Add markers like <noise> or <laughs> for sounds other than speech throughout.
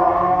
Thank you.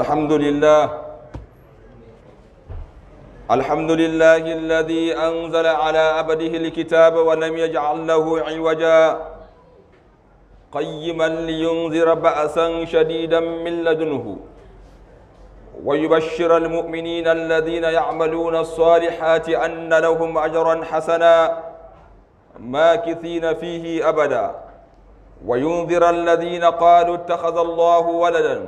الحمد لله الحمد لله الذي أنزل على عبده الكتاب ولم يجعل له عوجا قيما لينذر بأسا شديدا من لدنه ويبشر المؤمنين الذين يعملون الصالحات أن لهم أجرا حسنا ماكثين فيه أبدا وينذر الذين قالوا اتخذ الله ولدا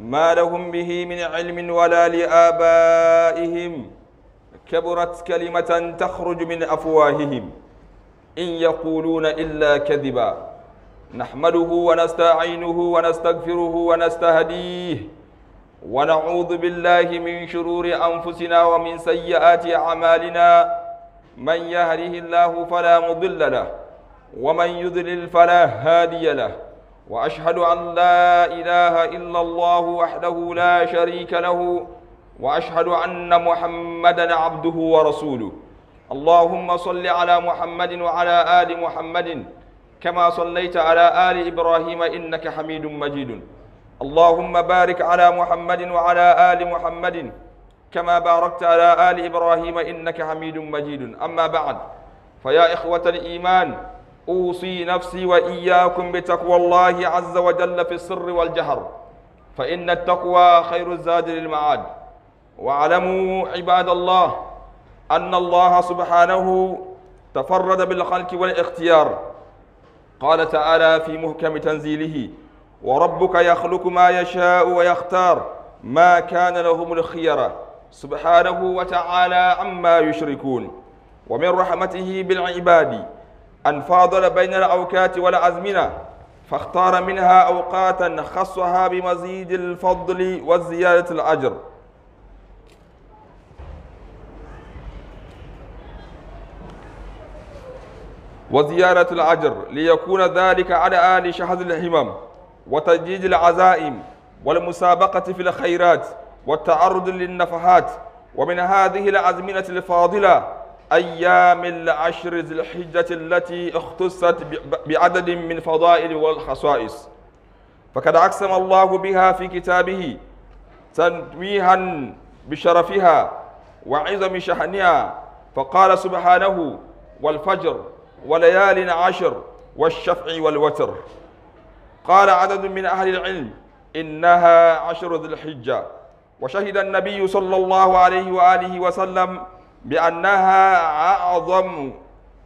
ما لهم به من علم ولا لآبائهم كبرت كلمة تخرج من أفواههم إن يقولون إلا كذبا نحمده ونستعينه ونستغفره ونستهديه ونعوذ بالله من شرور أنفسنا ومن سيئات أعمالنا من يهده الله فلا مضل له ومن يضلل فلا هادي له واشهد ان لا اله الا الله وحده لا شريك له واشهد ان محمدا عبده ورسوله اللهم صل على محمد وعلى ال محمد كما صليت على ال ابراهيم انك حميد مجيد اللهم بارك على محمد وعلى ال محمد كما باركت على ال ابراهيم انك حميد مجيد اما بعد فيا اخوه الايمان أوصي نفسي وإياكم بتقوى الله عز وجل في السر والجهر فإن التقوى خير الزاد للمعاد واعلموا عباد الله أن الله سبحانه تفرد بالخلق والاختيار قال تعالى في مهكم تنزيله وربك يخلق ما يشاء ويختار ما كان لهم الخيرة سبحانه وتعالى عما يشركون ومن رحمته بالعباد أن فاضل بين الأوقات والأزمنة فاختار منها أوقاتا خصها بمزيد الفضل وزيادة الأجر وزيارة الأجر ليكون ذلك على آل شهد الهمم وتجديد العزائم والمسابقة في الخيرات والتعرض للنفحات ومن هذه الأزمنة الفاضلة أيام العشر ذي الحجة التي اختصت بعدد من فضائل والخصائص فقد أقسم الله بها في كتابه تنويها بشرفها وعظم شحنها فقال سبحانه والفجر وليال عشر والشفع والوتر قال عدد من أهل العلم إنها عشر ذي الحجة وشهد النبي صلى الله عليه وآله وسلم بأنها أعظم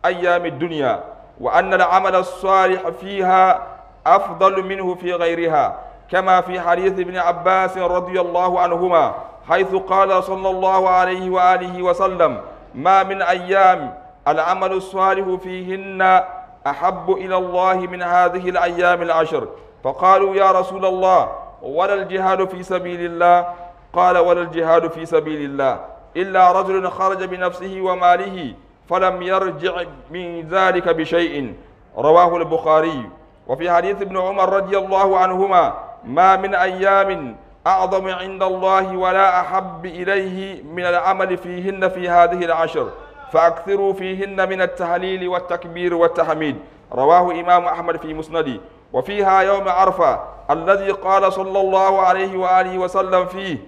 أيام الدنيا وأن العمل الصالح فيها أفضل منه في غيرها كما في حديث ابن عباس رضي الله عنهما حيث قال صلى الله عليه وآله وسلم ما من أيام العمل الصالح فيهن أحب إلى الله من هذه الأيام العشر فقالوا يا رسول الله ولا الجهاد في سبيل الله قال ولا الجهاد في سبيل الله إلا رجل خرج بنفسه وماله فلم يرجع من ذلك بشيء رواه البخاري وفي حديث ابن عمر رضي الله عنهما ما من أيام أعظم عند الله ولا أحب إليه من العمل فيهن في هذه العشر فأكثروا فيهن من التهليل والتكبير والتحميد رواه إمام أحمد في مسنده وفيها يوم عرفة الذي قال صلى الله عليه وآله وسلم فيه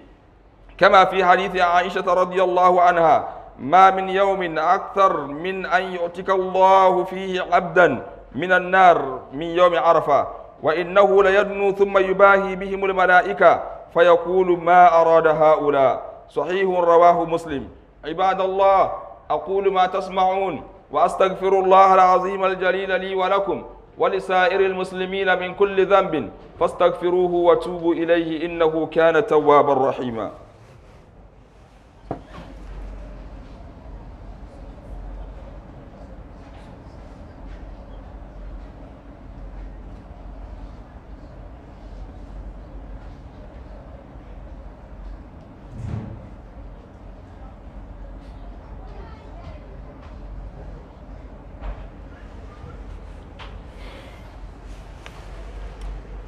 كما في حديث عائشة رضي الله عنها ما من يوم أكثر من أن يؤتك الله فيه عبدا من النار من يوم عرفة وإنه ليدنو ثم يباهي بهم الملائكة فيقول ما أراد هؤلاء صحيح رواه مسلم عباد الله أقول ما تسمعون وأستغفر الله العظيم الجليل لي ولكم ولسائر المسلمين من كل ذنب فاستغفروه وتوبوا إليه إنه كان توابا رحيما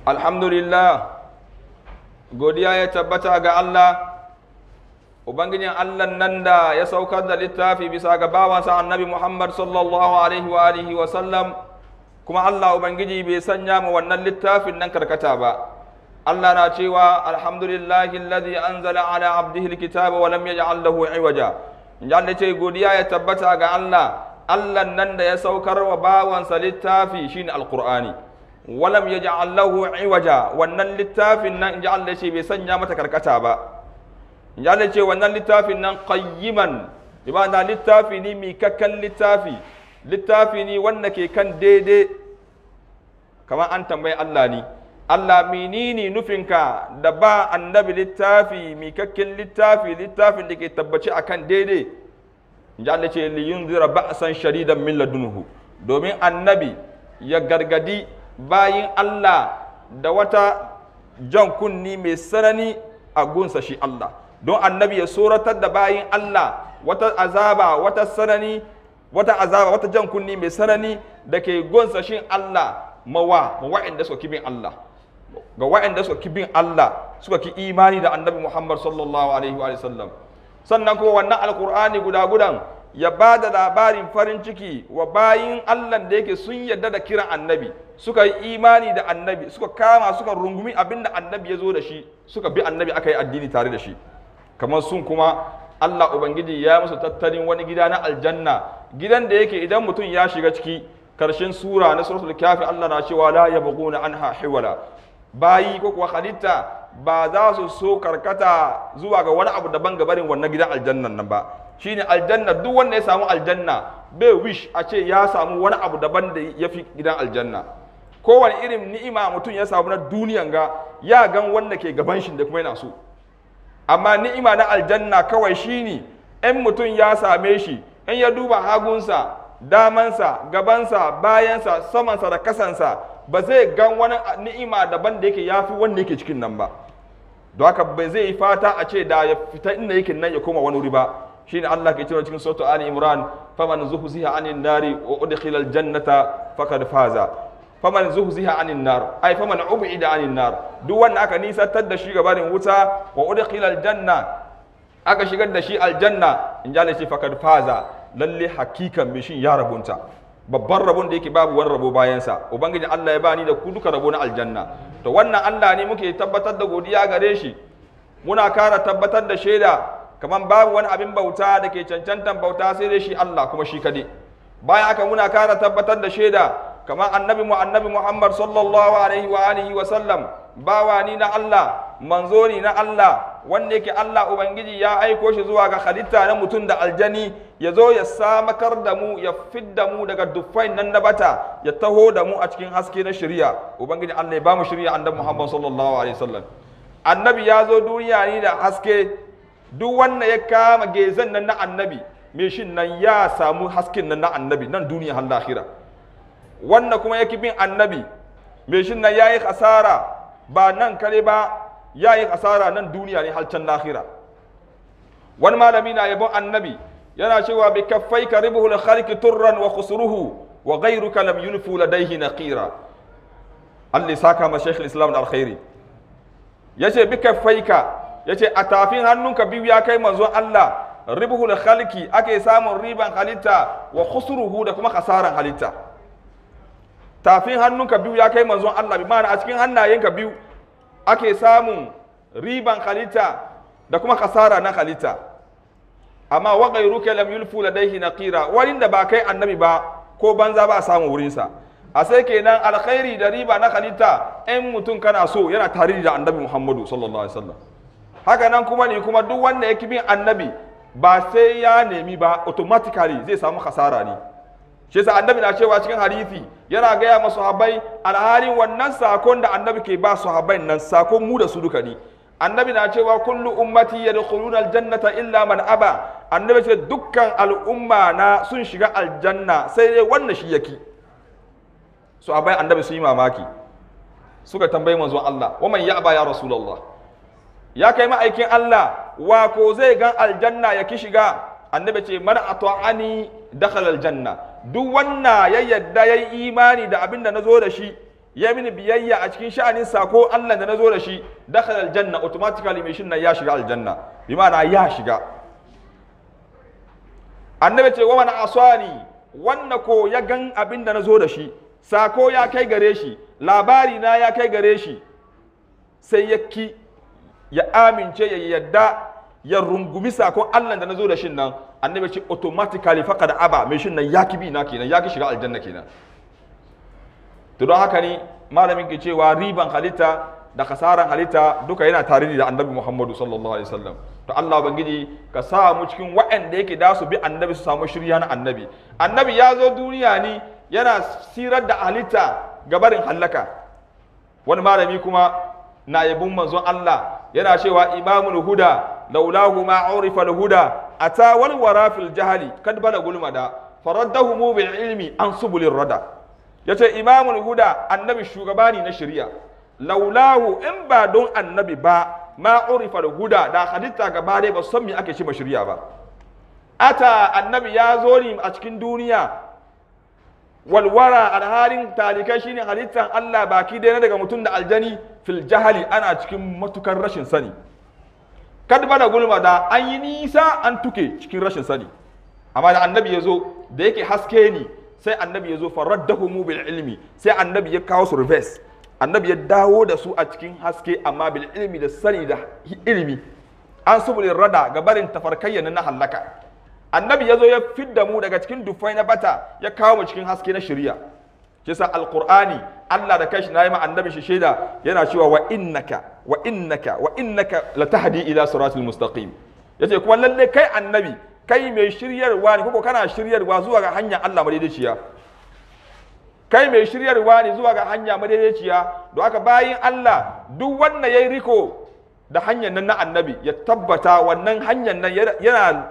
alhamdulillah godiya ya tabbata ga Allah ubangijin Allah nan da ya saukar da littafi bisa ga bawansa annabi Muhammad sallallahu alaihi wa alihi wa sallam kuma Allah ubangiji bai sanya mu wannan littafin nan karkata ba Allah na cewa alhamdulillah alladhi anzala ala abdihi alkitaba wa lam yaj'al lahu iwaja inda ce godiya ya tabbata ga Allah Allah nan da ya saukar wa bawansa littafi shine alqur'ani walam yaj'al lahu iwaja wannan littafin nan inji Allah ce bai sanya mata karkata ba inji Allah ce wannan littafin nan qayyiman bi ma'ana littafi ne mai kakkan littafi littafi ne wanda ke kan daidai kamar an tambayi Allah ne Allah menene nufinka da ba annabi littafi mikakkin littafi littafin da ke tabbaci akan daidai inji Allah ce liyunzira ba'san sharidan min ladunhu domin annabi ya gargadi bayin Allah da wata jan kunni mai sanani a gunsa shi Allah don annabi ya suratar da bayin Allah wata azaba wata sanani wata azaba wata jan kunni mai sanani da ke gunsa shi Allah mawa ma wa'anda suka kibin Allah ga wa'anda suka kibin Allah suka ki imani da annabi Muhammad sallallahu alaihi wa sallam sannan kuma wannan alkur'ani guda gudan ya ba da labarin farin ciki wa bayin Allah da yake sun yadda da kiran annabi suka yi imani da annabi suka kama suka rungumi abin da annabi ya zo da shi suka bi annabi aka yi addini tare da shi kamar sun kuma Allah Ubangiji ya musu tattalin wani gida na aljanna gidan da yake idan mutum ya shiga ciki karshen sura na suratul kafi Allah na cewa la yabghuna anha hiwala bayi ko kuwa halitta ba za su so karkata zuwa ga wani abu daban gabarin wannan gidan aljannan nan ba shine aljanna duk wanda ya samu aljanna bai wish a ce ya samu wani abu daban da ya fi gidan aljanna kowane irin ni'ima mutum ya samu na duniyan ga ya gan wanda ke gaban shi da kuma yana so amma ni'ima na aljanna kawai shine yan mutum ya same shi in ya duba hagunsa damansa gabansa bayansa samansa da kasansa ba zai gan wani ni'ima daban da yake yafi wanda yake cikin nan ba don haka ba zai fata a ce da ya fita inda yake nan ya koma wani wuri ba shine Allah ke cewa cikin sautu Ali Imran faman zuhziha anin nari wa udkhila aljannata faqad faza faman zuhziha anin nar ai faman ubida anin nar duk wanda aka nisantar da shi gabanin wuta wa udkhila aljanna aka shigar da shi aljanna in ji Allah ce faqad faza lalle hakikan bishin ya rabunta babban rabon da yake babu wani rabo bayansa ubangiji Allah ya bani da ku duka rabo na aljanna to wannan Allah ne muke tabbatar da godiya gare shi muna kara tabbatar da shaida kamar babu wani abin bauta da ke cancantan bauta sai dai shi Allah kuma shi kadai baya aka muna kara tabbatar da shaida kamar annabi mu annabi Muhammad sallallahu alaihi wa alihi wa sallam bawa ni na Allah manzo ni na Allah wanda yake Allah ubangiji ya aiko shi zuwa ga halitta na mutum da aljani ya zo ya samakar da mu ya fidda mu daga duffain nan na bata ya taho da mu a cikin haske na shari'a ubangiji Allah ya ba mu shari'a annabi Muhammad sallallahu alaihi wa sallam annabi ya zo duniya ne da haske duk wannan ya kama gezan nan na annabi me shi nan ya samu hasken nan na annabi nan duniya har lahira Wannan kuma yake bin annabi me shi nan yayi hasara ba nan kare ba yayi hasara nan duniya ne har can lahira wani malami na yabon annabi yana cewa bi kaffaika ka turran wa khusruhu wa ghayruka lam yulfu ladayhi naqira Allah saka ma Sheikh al-Islam al-Khairi yace bi kaffaika yace a tafin hannunka biyu ya kai manzon Allah da khalqi ake samun riban halitta wa khusruhu da kuma kasaran halitta tafin hannunka biyu ya kai manzon Allah bi ma'ana a cikin hannayenka biyu ake samun riban halitta da kuma kasara na halitta amma wa ghayruka lam yulfu ladayhi naqira wani da ba kai annabi ba ko banza ba a samu wurinsa a sai kenan alkhairi da riba na halitta in mutum kana so yana tare da annabi Muhammadu sallallahu alaihi wasallam haka nan kuma ne kuma duk wanda ya ki bin annabi ba sai ya nemi ba automatically zai samu khasara ne shi yasa annabi na cewa cikin hadisi yana gaya masu habai alhalin wannan sakon da annabi ke ba su habai nan sakon mu da su duka ne annabi na cewa kullu ummati yadkhuluna aljannata illa man aba annabi ce dukkan al'umma na sun shiga aljanna sai dai wannan shi yake su abai annabi su yi mamaki suka tambayi manzon Allah wa man ya aba ya rasulullah ya kai ma'aikin Allah wa ko zai gan aljanna ya ki shiga annabi ce man da dakhala aljanna duk wanda ya yadda yayi imani da abin da nazo da shi ya mini biyayya a cikin sha'anin sako Allah da nazo da shi dakhala aljanna automatically mai shin nan ya shiga aljanna bi ma'ana ya shiga annabi ce wa man asani wanda ko ya gan abin da nazo da shi sako ya kai gare shi labari na ya kai gare shi sai ya ki ya amince ya yadda ya rungumi sakon Allah da nazo da shin nan annabi ce automatically faqad aba mai shin nan yaki bi na kenan yaki shiga aljanna kenan to don haka ne malamin ke cewa riban halitta da kasaran halitta duka yana tare da annabi Muhammadu sallallahu alaihi wasallam to Allah bangiji ka sa mu cikin waɗanda yake da su bi annabi su samu shirya na annabi annabi ya zo duniya ne yana sirar da halitta gabarin hallaka wani malami kuma na yabon manzon Allah yana cewa imamul huda laulahu ma urifa al huda ata wal wara fil jahali kad bala gulmada faraddahumu bil ilmi an subulir rada yace imamul huda annabi shugabani na shari'a laulahu in ba don annabi ba ma urifa al huda da hadita gaba dai ba san me ake shi ba shari'a ba ata annabi ya zo ne a cikin duniya walwara alhalin talikai shine halittar Allah baki dai na daga mutum da aljani fil jahali ana cikin matukar rashin sani kad bada gulma da an yi nisa an tuke cikin rashin sani amma da annabi ya zo da yake haske ni sai annabi ya zo faraddahumu bil ilmi sai annabi ya kawo su reverse annabi ya dawo da su a cikin haske amma bil ilmi da sani da ilmi an subulin rada ga barin tafarkayya na halaka annabi ya zo ya fidda mu daga cikin dufai na bata ya kawo mu cikin haske na shirya kisa alkur'ani Allah da kashi na ma annabi shi shaida yana cewa wa innaka wa innaka wa innaka latahdi ila siratil mustaqim yace kuma lalle kai annabi kai mai shiryarwa ne koko kana shiryarwa zuwa ga hanya Allah madaidaiciya kai mai shiryarwa ne zuwa ga hanya madaidaiciya don haka bayin Allah duk wanda yi riko da hanyar nan na annabi ya tabbata wannan hanyar nan yana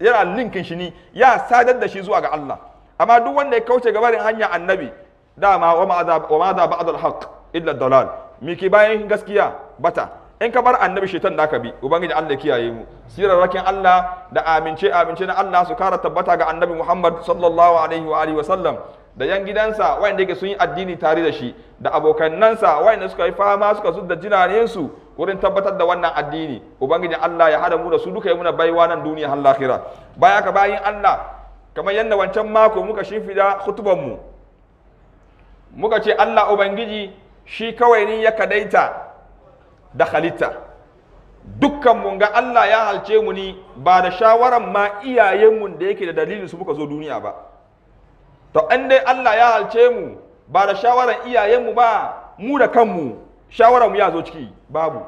yana linkin shi ni ya sadar da shi zuwa ga Allah amma duk wanda ya kauce gabarin hanya annabi dama wa ma za ba'd al-haq illa dalal miki bayan gaskiya bata in ka bar annabi shaitan da ka bi ubangiji Allah kiyaye mu rakin Allah da amince amince na Allah su kara tabbata ga annabi Muhammad sallallahu alaihi wa alihi wa sallam da yan gidansa wayanda yake sun yi addini tare da shi da abokannansa wayanda suka yi fama suka zudda su. wurin tabbatar da wannan addini ubangiji Allah ya hada mu da su duka ya muna baiwa nan duniya har lahira baya ka bayin Allah kamar yadda wancan mako muka shimfida hutuban mu muka ce Allah ubangiji shi kawai ne ya kadaita da halitta dukkan mun ga Allah ya halce mu ni ba da shawaran ma iyayen mu da yake da dalilin su muka zo duniya ba to an dai Allah ya halce mu ba da shawaran iyayen mu ba mu da kanmu shawaran mu ya zo ciki babu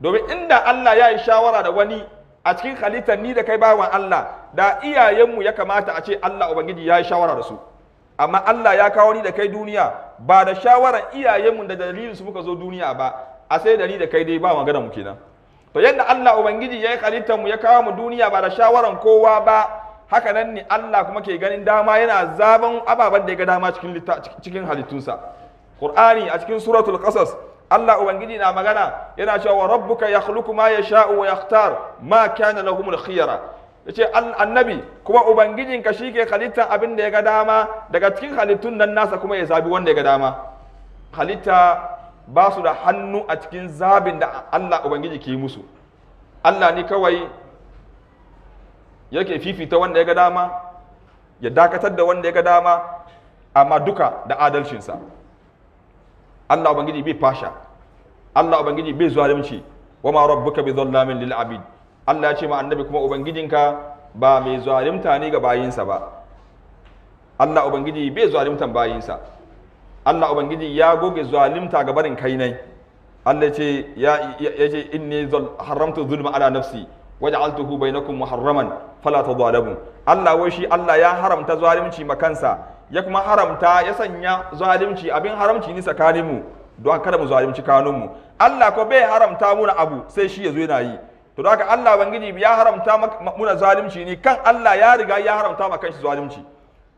domin inda Allah ya yi shawara da wani a cikin halittar ni da kai bawan Allah da iyayenmu ya kamata a ce Allah ubangiji ya yi shawara da su amma Allah ya kawo ni da kai duniya ba da shawarar iyayenmu da dalilin su muka zo duniya ba a sai da ni da kai dai ba magana mu kenan to yadda Allah ubangiji ya yi halittar mu ya kawo mu duniya ba da shawaran kowa ba haka nan ne Allah kuma ke ganin dama yana zaben ababen da ya ga dama cikin halittunsa Qur'ani a cikin suratul qasas Allah ubangiji na magana yana cewa wa rabbuka yakhluqu ma yasha'u wa yakhtar ma kana lahumul khiyara yace annabi kuma ubangijin ubangijinka shike halitta abin da ya ga dama daga cikin halittun nan nasa kuma ya zabi wanda ya ga dama halitta ba su da hannu a cikin zabin da Allah ubangiji ke musu Allah ne kawai yake fifita wanda ya ga dama ya dakatar da wanda ya ga dama amma duka da adalcinsa Allah ubangiji bai fasha Allah ubangiji bai zalunci wa ma rabbuka bi dhallamin lil abid Allah ya ce ma annabi kuma ubangijinka ba mai zalunta ne ga bayinsa ba Allah ubangiji bai zaluntan bayinsa Allah ubangiji ya goge zalunta ga barin kai nai Allah ce ya yace inni haramtu zulma ala nafsi waja'altuhu bainakum muharraman fala tadhalamu Allah wai shi Allah ya haramta zalunci makansa ya kuma haramta ya sanya zalimci abin haramci ni tsakanin mu don kada mu zalimci kanun mu Allah ko bai haramta muna abu sai shi ya zo yana yi to haka Allah bangiji ya haramta muna zalimci ni kan Allah ya riga ya haramta ma kanshi zalimci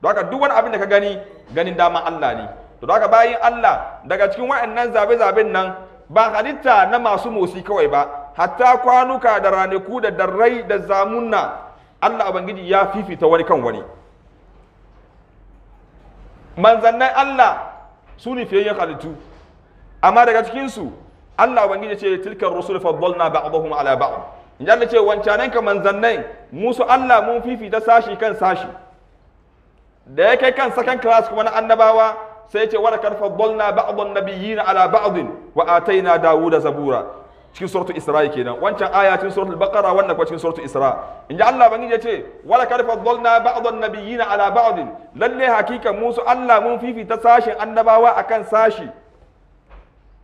don haka duk wani abin da ka gani ganin dama Allah ne to da haka bayin Allah daga cikin waɗannan zabe-zaben nan ba halitta na masu motsi kawai ba hatta kwanuka da ranaku da darrai da zamunna Allah bangiji ya fifita wani kan wani manzannin Allah su ne fiyayyen halittu amma daga cikinsu Allah ubangiji ce tilkar rusul faddalna ba'dahum ala ba'd in ji Allah ce wancanen ka musu Allah mun fifita sashi kan sashi da ya kai kan sakan class kuma na annabawa sai ya ce wa lakar faddalna ba'dhan nabiyyin ala ba'd wa ataina dawuda zabura cikin suratul Isra'i kenan wancan aya cikin suratul Baqara wannan kuma cikin suratul Isra ji Allah bangi ya ce wala kad faddalna ba'dhan nabiyina ala ba'd lalle hakika musu Allah mun fifita sashin annabawa akan sashi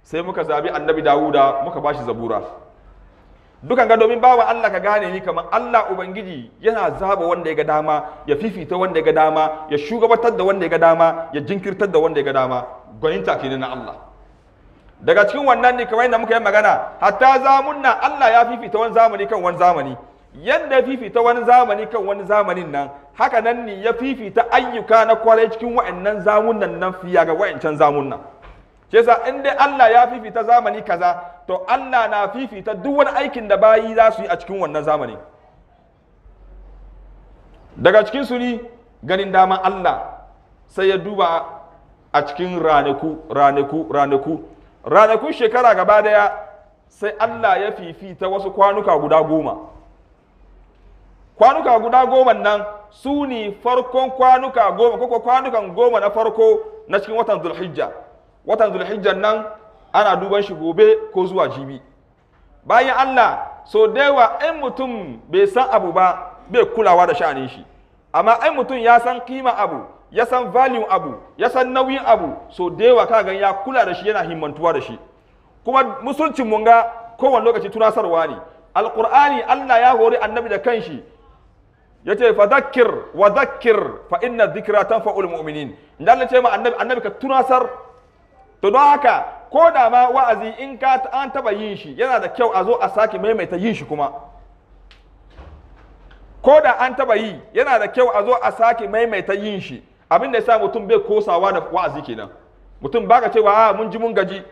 sai muka zabi annabi Dawuda muka bashi zabura dukan ga domin bawa Allah ka gane ni kamar Allah ubangiji yana zaba wanda ya ga dama ya fifita wanda ya ga dama ya shugabatar da wanda ya ga dama ya jinkirtar da wanda ya ga dama gwaninta kenan na Allah daga cikin wannan ne kamar yadda muka yi magana hatta zamunna Allah ya fifita wani zamani kan wani zamani yadda ya fifita wani zamani kan wani zamanin nan haka nan ne ya fifita ayyuka na kwarai cikin wa'annan zamunan nan fiya ga wa'ancan zamunna ce sa in dai Allah ya fifita zamani kaza to Allah na fifita duk wani aikin da bayi za su yi a cikin wannan zamani daga cikin su ne ganin daman Allah sai ya duba a cikin ranaku ranaku ranaku ranakun shekara gaba daya sai Allah ya fifita wasu kwanuka guda goma kwanuka guda goma nan su ne farkon kwanuka goma kwanukan goma na farko na cikin watan zulhijja watan zulhijja nan ana duban shi gobe ko zuwa jibi bayan Allah so da yawa mutum bai san abu ba bai kulawa da sha'anin shi amma ‘yan mutum ya san kima abu ya san value abu ya san nauyin abu so da yawa ka gan ya kula da shi yana himmantuwa da shi kuma musulcin mun ga kowane lokaci tunasarwa ne alƙur'ani Allah ya hori annabi da kanshi yace fa zakkir wa zakkir fa inna dhikra tanfa'ul mu'minin inda Allah ce ma annabi annabi ka tunasar to don haka ko da ma wa'azi in ka an taba yin shi yana da kyau a zo a sake maimaita yin shi kuma ko da an taba yi yana da kyau a zo a sake maimaita yin shi abin da ya sa mutum bai kosawa da wa'azi kenan mutum ba baka cewa a ah, mun ji mun gaji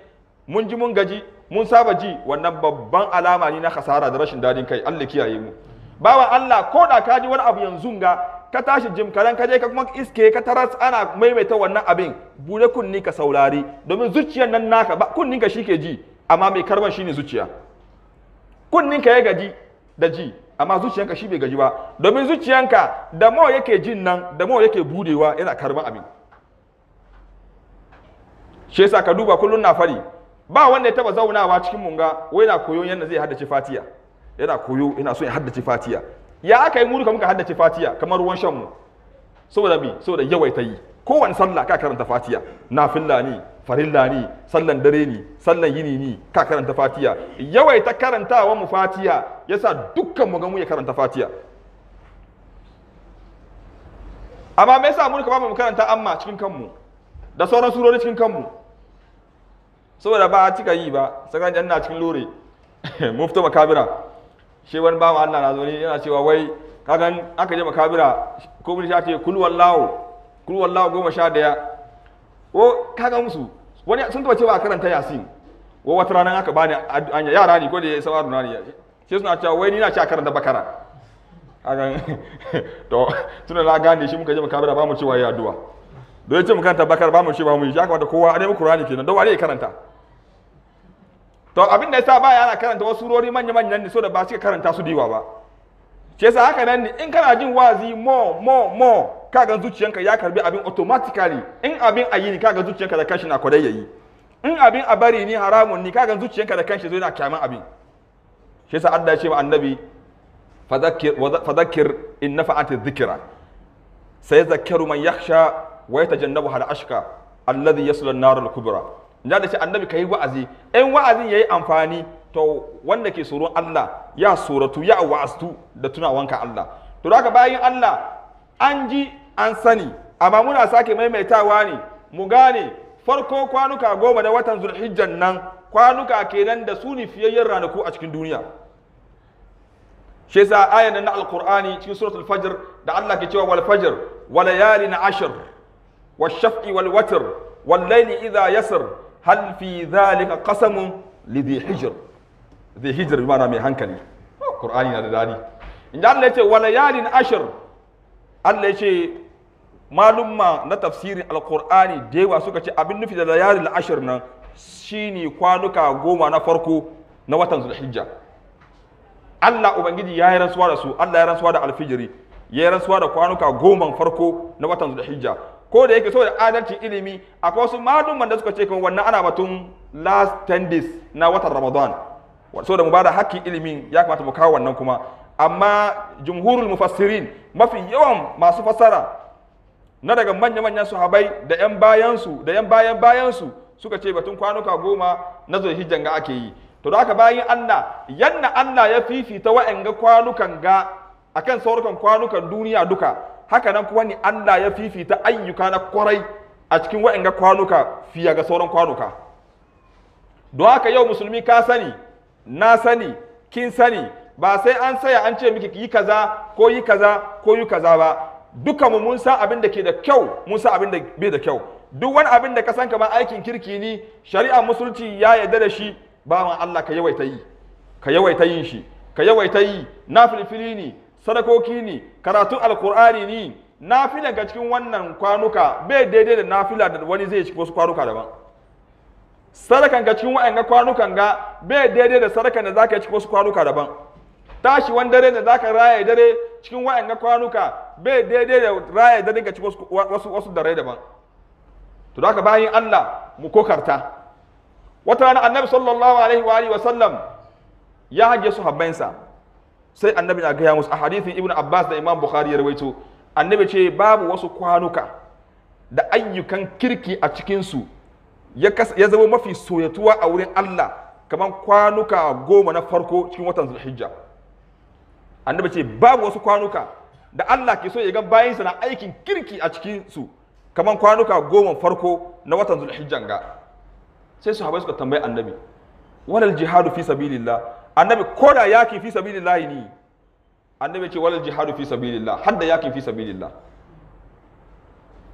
mun ji mun gaji mun saba ji wannan babban alama ne na hasara da rashin dadin kai Allah kiyaye mu bawan Allah ko da ka ji wani abu yanzu ga ka tashi jim karan ka je ka kuma iske ka taras ana maimaita wannan abin bude kunni ka saurari domin zuciyar nan naka ba kunnin ka shike ji amma mai karban shine zuciya kunnin ka ya gaji da ji amma zuciyanka shi bai gaji ba domin zuciyanka da mawa yake jin nan da mawa yake budewa yana karba abin shi yasa ka duba kullun na fari ba wanda ya taba zaunawa cikin munga wai yana koyo yadda zai haddace fatiya yana koyo yana so ya haddace fatiya ya aka yi muruka muka haddace fatiya kamar ruwan shan mu saboda bi saboda yawaita yi kowane sallah ka karanta fatiya. Na filla ne farilla ne sallan dare ne sallan yini ne ka karanta fatiya. ta karanta karantawa mu fatiya ya sa dukkan mu ga mu ya karanta fatiya. amma me yasa mun ka ba mu karanta amma cikin kanmu da sauran surori cikin kanmu saboda ba a cika yi ba sakan yan na cikin lore <laughs> mufta makabira shi wani bawan Allah na zo ne yana cewa wai kagan aka je makabira ko mun sha ce kul wallahu kul goma sha daya o kaga musu wani sun taba cewa a karanta yasin wa wata rana aka bani anya yara ne ko da ya saba runa ne sai suna cewa wai ni na ci a karanta bakara kaga <laughs> to tunda na gane shi muka je bada ba mu cewa ya addu'a ya yace mu karanta bakara ba mu cewa mu yi shaka kamata kowa ne nemi qur'ani kenan don wani ya karanta to abin da yasa ba yana karanta wasu rori manya-manyan ne so da ba su karanta su diwa ba ce sa haka nan ne in kana jin wazi mo mo mo kaga zuciyanka ya karbi abin automatically in abin ayi ne kaga zuciyanka da kanshi na kwadai yayi in abin a bari ne haramun ne kaga zuciyanka da kanshi zo yana kyaman abin shi yasa Allah ya ce wa annabi fadhakkir fadhakkir in nafa'ati dhikra sayadhakkaru man yakhsha wa yatajannabu hal ashqa alladhi yasla an-nar al-kubra da da shi annabi kai wa'azi in wa'azin yayi amfani to wanda ke tsoron Allah ya suratu ya wa'astu da tunawanka Allah to da haka bayan Allah an ji an sani amma muna sake maimaitawa ne mu gane farko kwanuka goma da watan zulhijjan nan kwanuka kenan da su ne fiyayyen ranaku a cikin duniya shi yasa na alqur'ani cikin suratul fajr da Allah ke cewa wal fajr wa layalin ashr wa shaf'i wal watr wal layli idha yasr hal fi dhalika qasamun li dhi hijr dhi hijr bimana mai hankali oh, qur'ani na da dadi inda Allah ya ce wa layalin ashr Allah ya ce malumma na tafsirin alkur'ani da yawa suka ce abin nufi da layalil ashir nan shine kwanuka goma na farko na watan zulhijja Allah ubangiji ya yi rantsuwa da su Allah ya rantsuwa da alfijiri ya yi rantsuwa da kwanuka goma farko na watan zulhijja ko da yake saboda adalcin ilimi akwai wasu malumman da suka ce kan wannan ana batun last 10 days na watan ramadan saboda mu bada haƙƙin ilimin ya kamata mu kawo wannan kuma amma jumhurul mufassirin mafi yawan masu fassara na daga manya-manyan sahabai da 'yan bayansu da 'yan bayan bayansu suka ce batun kwanuka goma na hijjan ga ake yi to da aka bayan Allah yanna Allah ya fifita ga kwanukan ga akan saurukan kwanukan duniya duka haka nan kuma ni Allah ya fifita ayyuka na kwarai a cikin ga kwanuka fiye ga sauran kwanuka don haka yau musulmi ka sani na sani kin sani ba sai an saya an ce miki yi kaza ko yi kaza ko yi kaza ba duka mu mun san abin da ke da kyau mun san abin da bai da kyau duk wani abin da ka san kamar aikin kirki ne shari'a musulci ya yarda da shi ba wa Allah ka yawaita yi ka yawaita yin shi ka yawaita yi nafilfili ne sadakoki ne karatun alkur'ani ne nafilan ka cikin wannan kwanuka bai daidai da nafila da wani zai cikin wasu kwanuka daban sadakan ka cikin wa'anga kwanukan ga bai daidai da sadakan da zaka yi cikin wasu kwanuka daban tashi wani dare da zaka raya dare cikin wa'annan kwanuka bai daidai da raya dare ga cikin wasu dare daban to da bayan Allah mu kokarta wata rana annabi sallallahu alaihi wa wa sallam ya hage su habbansa sai annabi na gaya musu a Ibn abbas da imam bukhari ya rawaito annabi ce babu wasu kwanuka da ayyukan kirki a cikinsu ya zama mafi soyatuwa a wurin Allah kamar kwanuka goma na farko cikin watan Zulhijja. annabi ce babu wasu kwanuka da Allah ke so ya ga bayansa na aikin kirki a cikin su kamar kwanuka goma farko na watan zulhijjan ga sai su haɓai suka tambayi annabi walal jihadu fi sabilillah annabi ko da yaki fi sabilillah ne annabi ce walal jihadu fi sabilillah har da yakin fi sabilillah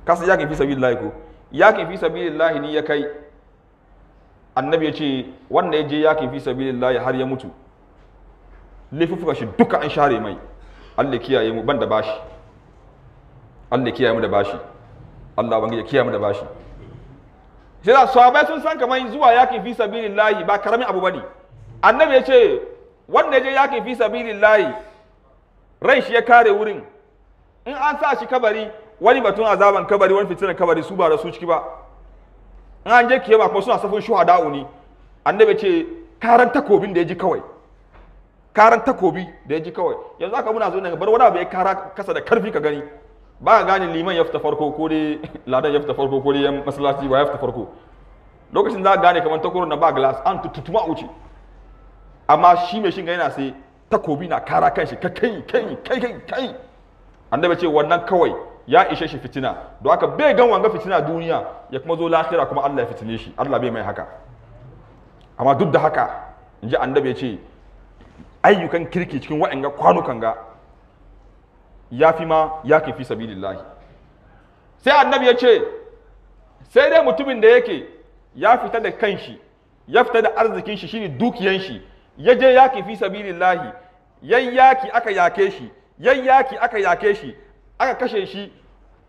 kasa yakin fi sabilillah ko yakin fi sabilillah ne ya kai annabi ya ce wanda ya je yakin fi sabilillah har ya mutu laifuffuka shi duka an share mai Allah kiyaye mu banda bashi Allah kiyaye mu da bashi Allah ban ya kiyaye mu da bashi sai da sahabai sun san kamar zuwa yakin fi sabilillah ba karamin abu bane annabi ya ce wanda ya je yakin fi sabilillah ran shi ya kare wurin in an sa shi kabari wani batun azaban kabari wani fitinan kabari su ba da su ciki ba in an je kiyama kuma suna safin shuhada'u ne annabi ya ce karan takobin da ya ji kawai karan takobi da ya ji kawai yanzu aka muna zo ne bar wani abu ya kara kasa da karfi ka gani ba ka gane liman ya fita farko ko dai <laughs> ladan ya fita farko ko dai yan masallaci ba ya fita farko lokacin za ka gane kamar takoro na ba glass an tututuma wuce amma shi mai shinga yana sai takobi na kara kan shi ka kai kai kai kai kai annabi ce wannan kawai ya ishe shi fitina don haka bai gan wanga fitina duniya ya kuma zo lahira kuma Allah ya fitine shi Allah bai mai haka amma duk da haka inji annabi ya ce ayyukan kirki cikin waɗanga kwanukan ga ya fi ma ya fi lillahi sai annabi ya ce sai dai mutumin da yake ya fita da kanshi ya fita da arzikin shi shine dukiyan shi ya je ya ke fi yan yayyaki aka yake shi yayyaki aka yake shi aka kashe shi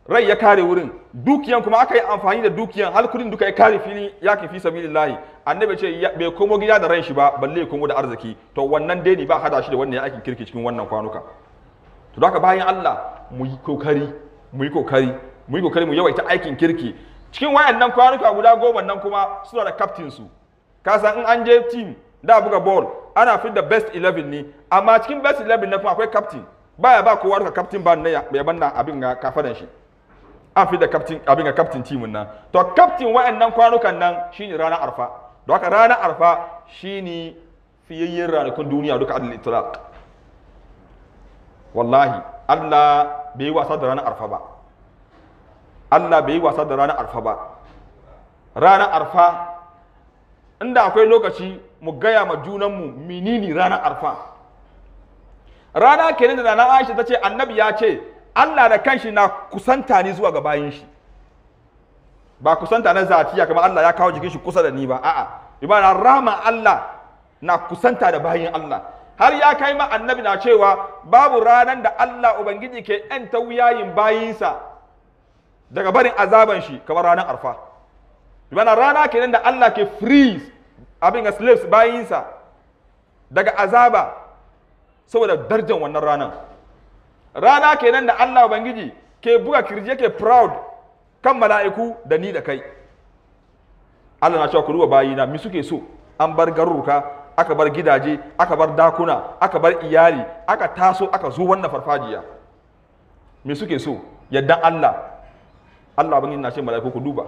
rai ya kare wurin dukiyan kuma aka yi amfani da dukiyan har duka ya kare fili ke fi lillahi annabi ce bai komo gida da ran shi ba balle ya komo da arziki to wannan dai ni ba hada shi da wannan aikin kirki cikin wannan kwanuka to haka bayan Allah mu yi kokari mu yi kokari mu yi kokari mu yawaita aikin kirki cikin wayannan kwanuka guda goma nan kuma suna da captain su ka san in an je team da buga ball ana fit da best 11 ne amma cikin best 11 na kuma akwai captain baya ba kowa ruka captain ba nan ya banna abin ga kafadan shi an fi da captain abin ga captain team nan to captain wayannan kwanukan nan shine ranar arfa don haka ranar arfa shi ne fiyayyen ranakun duniya duka adal itlaq wallahi Allah bai yi wasa da ranar arfa ba Allah bai yi wasa da ranar arfa ba ranar arfa inda akwai lokaci mu gaya ma junanmu menene ranar arfa rana kenan da ranar Aisha ta ce annabi ya ce Allah da kanshi na kusanta ne zuwa ga bayan shi ba kusanta na zatiya kamar Allah ya kawo jikin shi kusa da ni ba a'a ibara rahama Allah na kusanta da bayin Allah har ya kai ma annabi na cewa babu ranan da Allah ubangiji ke yan ta wuyayin bayinsa daga barin azaban shi kamar ranar arfa ibara rana kenan da Allah ke freeze abin ga slaves bayinsa daga azaba saboda darjan wannan ranar rana kenan da Allah ubangiji ke buga kirji yake proud kan mala'iku da ni da kai Allah na cewa ku duba bayina mi suke so an bar garuruka aka bar gidaje aka bar dakuna aka bar iyali aka taso aka zo wannan farfajiya me suke so Yadda Allah Allah abin na ce mala'iku ku duba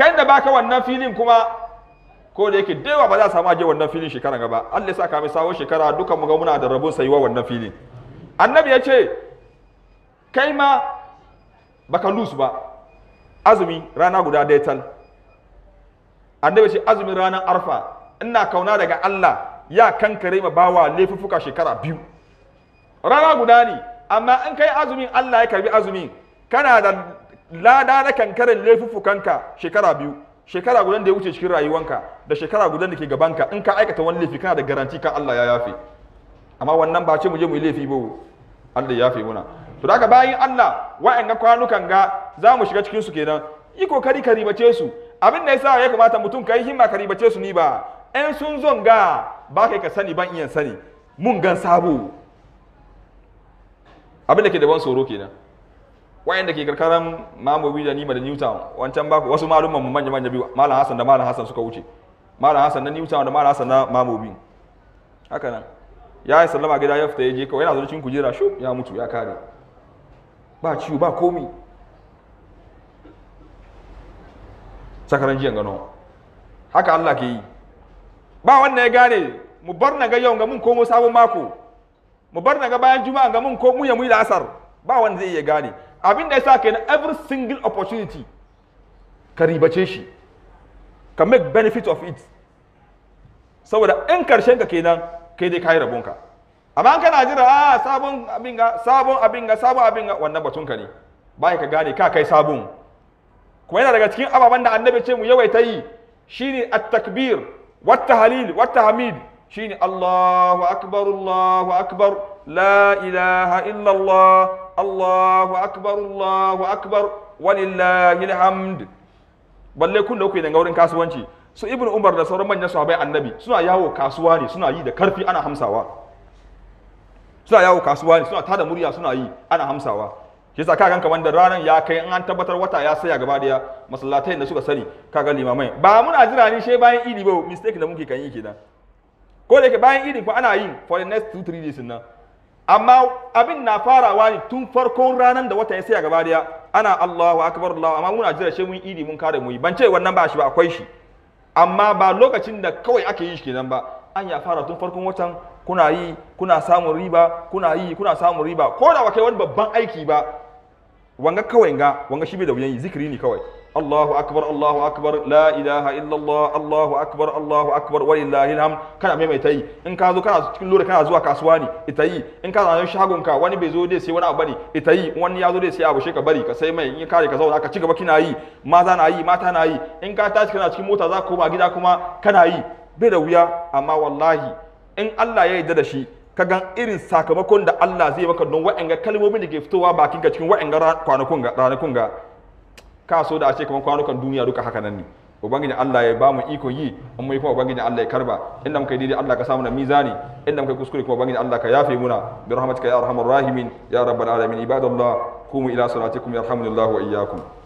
kai da baka wannan filin kuma ko da yake dewa ba za a samu aje wannan filin shekara gaba Allah ya k'a mai sawo shekara dukan mu ga muna da rabon sayuwa wannan filin annabi ya ce kai ma baka lose ba azumi rana guda ɗaya tal annabi ce azumin ranar arfa ina kauna daga Allah ya kankare ma bawa laifuka shekara biyu rana guda ne amma in kai azumin Allah ya karbi azumin kana da lada na kankaren laifukanka shekara biyu shekara gudan da ya wuce cikin rayuwanka da shekara gudan da ke gabanka in ka aikata wani laifi kana da garanti kan Allah ya yafe amma wannan ba ce mu je mu yi laifi ba Allah ya yafe muna to daga bayan Allah wa'annan kwanukan ga zamu shiga cikin su kenan yi kokari ka ribace su abin da yasa ya kamata mutum kai himma ka ribace su ni ba ɗan sun zon ga ba kai ka sani ban iya sani mun gan sabo abin da ke da ban tsoro kenan wa'anda ke karkaran mamobi da nima da newtown wancan ba wasu malumman mu manya manya biyu malam Hassan da malam Hassan suka wuce malam Hassan na newtown da malam Hassan na mamobi haka nan ya yi sallama gida ya fita ya je kawai yana zo cikin kujera shu ya mutu ya kare ba ciwo ba komi sakaran gano haka Allah ke yi ba wanda ya gane mu bar na ga yau ga mun komo sabon mako mu bar na ga bayan juma'a ga mun komo ya mu yi ba wanda zai iya gane abin da ya yasa na every single opportunity ka ribace shi ka make benefit of it saboda in karshen ka kenan kai dai kai rabonka amma kana jira a ah, sabon abin ga sabon abin ga sabon abin ga wannan batun ka ne ba ka gane ka kai sabon kuma yana daga cikin ababen da annabi ce mu yawaita yi shine at-takbir wat tahlil wat tahmid shine Allahu akbar Allahu akbar la ilaha illa Allah Allahu akbar Allahu akbar walillahi alhamd balle kun da kuke daga wurin kasuwanci su ibnu umar da sauran manyan sahabbai annabi suna yawo kasuwa ne suna yi da karfi ana hamsawa suna yawo kasuwa ne suna tada murya suna yi ana hamsawa shi yasa kagan kamar da ranar ya kai an tabbatar wata ya saya gaba daya masallatai da suka sani kaga limamai ba muna jira ne she bayan idi ba mistake da muke kan yi kenan ko da yake bayan idi ko ana yin for the next 2 3 days na amma abin na farawa ne tun farkon ranar da wata ya saya gaba daya ana Allahu akbar Allahu amma muna jira she mun idi mun kare mu yi ban ce wannan ba shi ba akwai shi amma ba lokacin da kawai ake yi shi kenan ba an ya fara tun farkon watan kuna yi kuna samun riba kuna yi kuna samun riba ko da kai wani babban aiki ba wanga kawai nga wanga shi bai da wuyan yi zikiri ne kawai Allahu akbar Allahu akbar la ilaha illallah Allahu akbar Allahu akbar walillahi alham kana mai mai yi in ka zo kana cikin lura kana zuwa kasuwa ne itayi in ka zanen shagon ka wani bai zo dai sai wani abu bane itayi wani ya zo dai sai abu shi ka bari ka sai mai in kare ka zauna ka ci gaba kina yi maza na yi mata na yi in ka tashi kana cikin mota za ka koma gida kuma kana yi bai da wuya amma wallahi in Allah ya yarda da shi ka gan irin sakamakon da Allah zai baka don wa'anga kalmomin da ke fitowa bakin ka cikin wa'anga kwanakun ga ranakun ga ka so da a ce kamar kwanukan duniya duka haka nan ne ubangiji Allah ya ba mu iko yi amma yi kuma ubangiji Allah ya karba inda muka daidai Allah ka samu na mizani inda muka kuskure kuma ubangiji Allah ka yafe muna bi rahmatika ya arhamar rahimin ya rabbal alamin ibadallah kuma ila salatikum yarhamdulillahu wa iyyakum